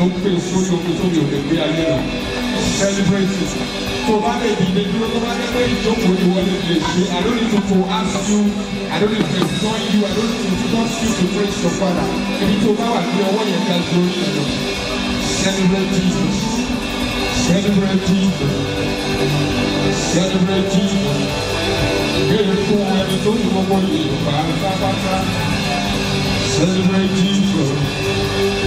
tó ń pè sórí omi tó mi ò celebrate it tó bá lè dìde dúró tó bá lè pé ìjókòó ni wọ́n I don't need to to ask you I don't need to join you I don't need to force you to praise your father ibi tó bá wà ní ọwọ́ yẹn ká lórí ẹ̀ lọ celebrate Jesus celebrate Jesus celebrate Jesus béèrè fún celebrate Jesus.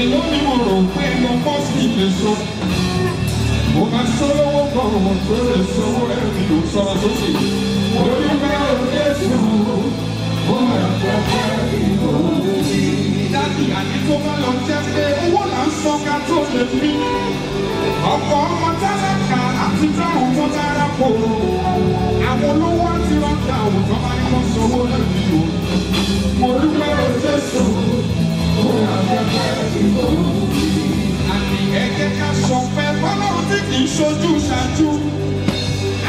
èló ni mo rò pé mo kọ́ sí ilé so mo bá sọ́wọ́ kan mo tó lè sọ́wọ́ ẹ̀mí ò sọ sókè orí bá òde sùn ó máa kọ́ fẹ́ ìlú dáàbì àti tó bá lọ jẹ́ pé owó là ń sọ ká tó lè fi ọkọ̀ ọmọ tálákà àti táwọn tó dára pò àwọn olówó àti rájà àwùjọ máa ń ṣojú ṣáájú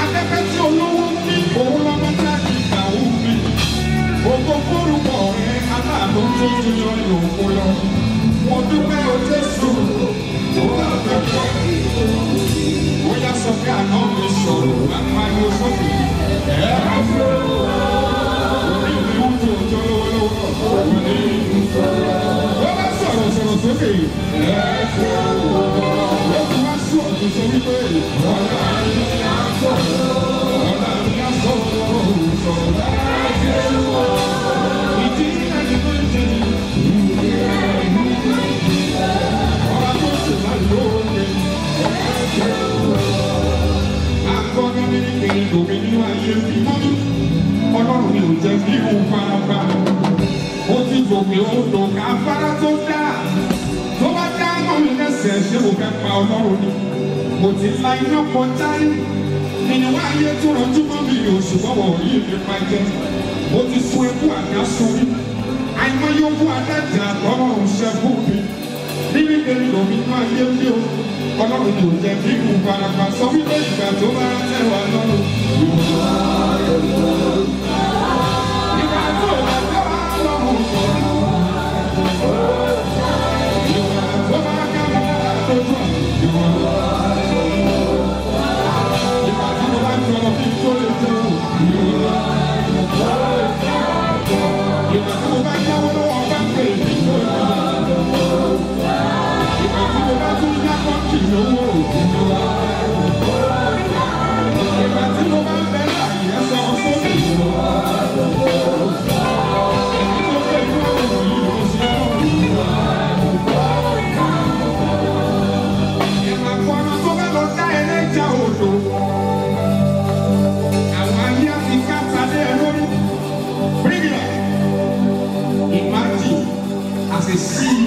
afẹ́fẹ́ tí olówó ní òun lọ́mọ jáde ìgbà wúmi ògo fórúkọ rẹ aláàbò tó ti yọ ìlòkó lọ mo dúpẹ́ o Jésù òun àfẹ́fẹ́ ó yá sọ pé àná mi sọ̀rọ̀ àmọ́ ayé sókè ẹ̀rọ fún mi ní ìlú tó lọ́wọ́lọ́wọ́ òun ọlọ́run ni ò jẹ́ kí mo fara pa ó ti gòkè ó lò ká afárá tó dáa mo ti la iná kọjá nínú ayé tó rọjú mọ́ mi ò ṣùgbọ́n wọ̀ yìí mi pa jẹ́ mo ti sun ikú àga sórí àìmọye owó adájà lọ́rọ̀ òṣè fún mi nínú ìgbèrè lòmí máa yé mi o ọlọ́run tó jẹ́ bí kù parapa sọ wípé ìgbà tó bá tẹ̀ wá lọ́rùn.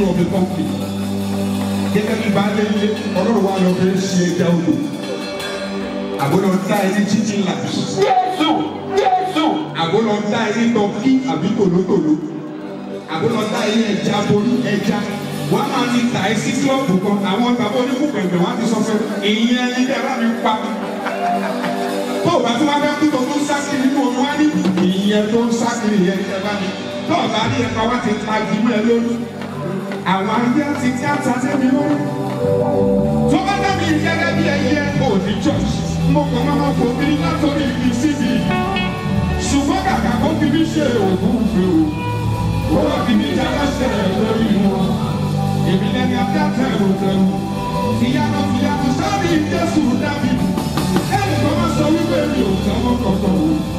king of the gẹ́gẹ́ bí baálé ilé ọlọ́run wa lọ fẹ́ ṣe ẹja odò àgbọ̀dọ̀ dá ẹni títí là. Jésù Jésù. àgbọ̀dọ̀ dá ẹni tọ́kí àbí tòlótòló àgbọ̀dọ̀ dá ẹni ẹja borí ẹja wọ́n máa ní ta ẹ sí kílọ̀bù kan àwọn bàbá oníkù pẹ̀lẹ́ wọ́n á ti sọ fún ẹ ìyẹn ẹni tẹ́ bá mi pa tó o bá tún wá fẹ́ kú tó tún sákì nínú omi wá ní ìyẹn tó ń sákì yẹn tẹ́ àwọn ayé ti tíátà tẹ́mi mọ́. tó bá dábì gẹ́gẹ́ bí ẹyẹ òní church mo kàn máa máa fòmí látọ̀rí ibi síbi ṣùgbọ́n kàkà kó fi mí ṣe òògùn fún o ó wà fi mí jẹ́ aláṣẹ lórí wọn èmi lẹ́ni adájọ́ ìròtẹ́rù ìyanu fìyanu sábì Jésù dábì ẹnì kan máa sọ wípé mi ò tẹ́wọ́ kọ̀ọ̀kan o.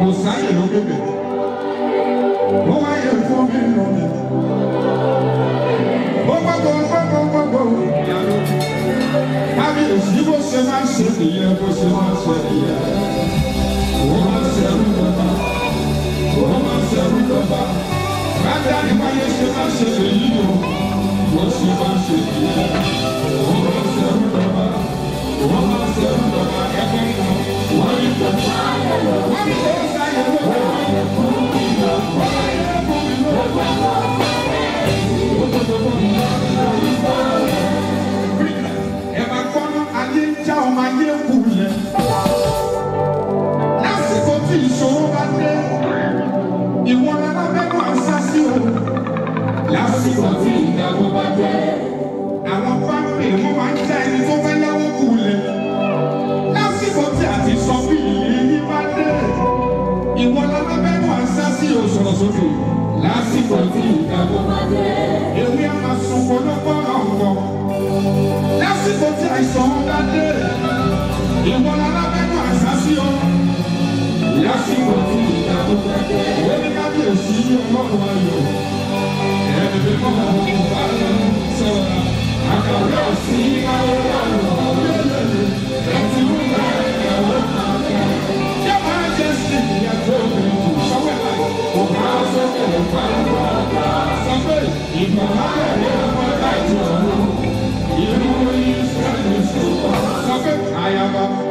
kò sáyè ló bèbè ó wáyé fún mi nù mí ó gbogbo I am a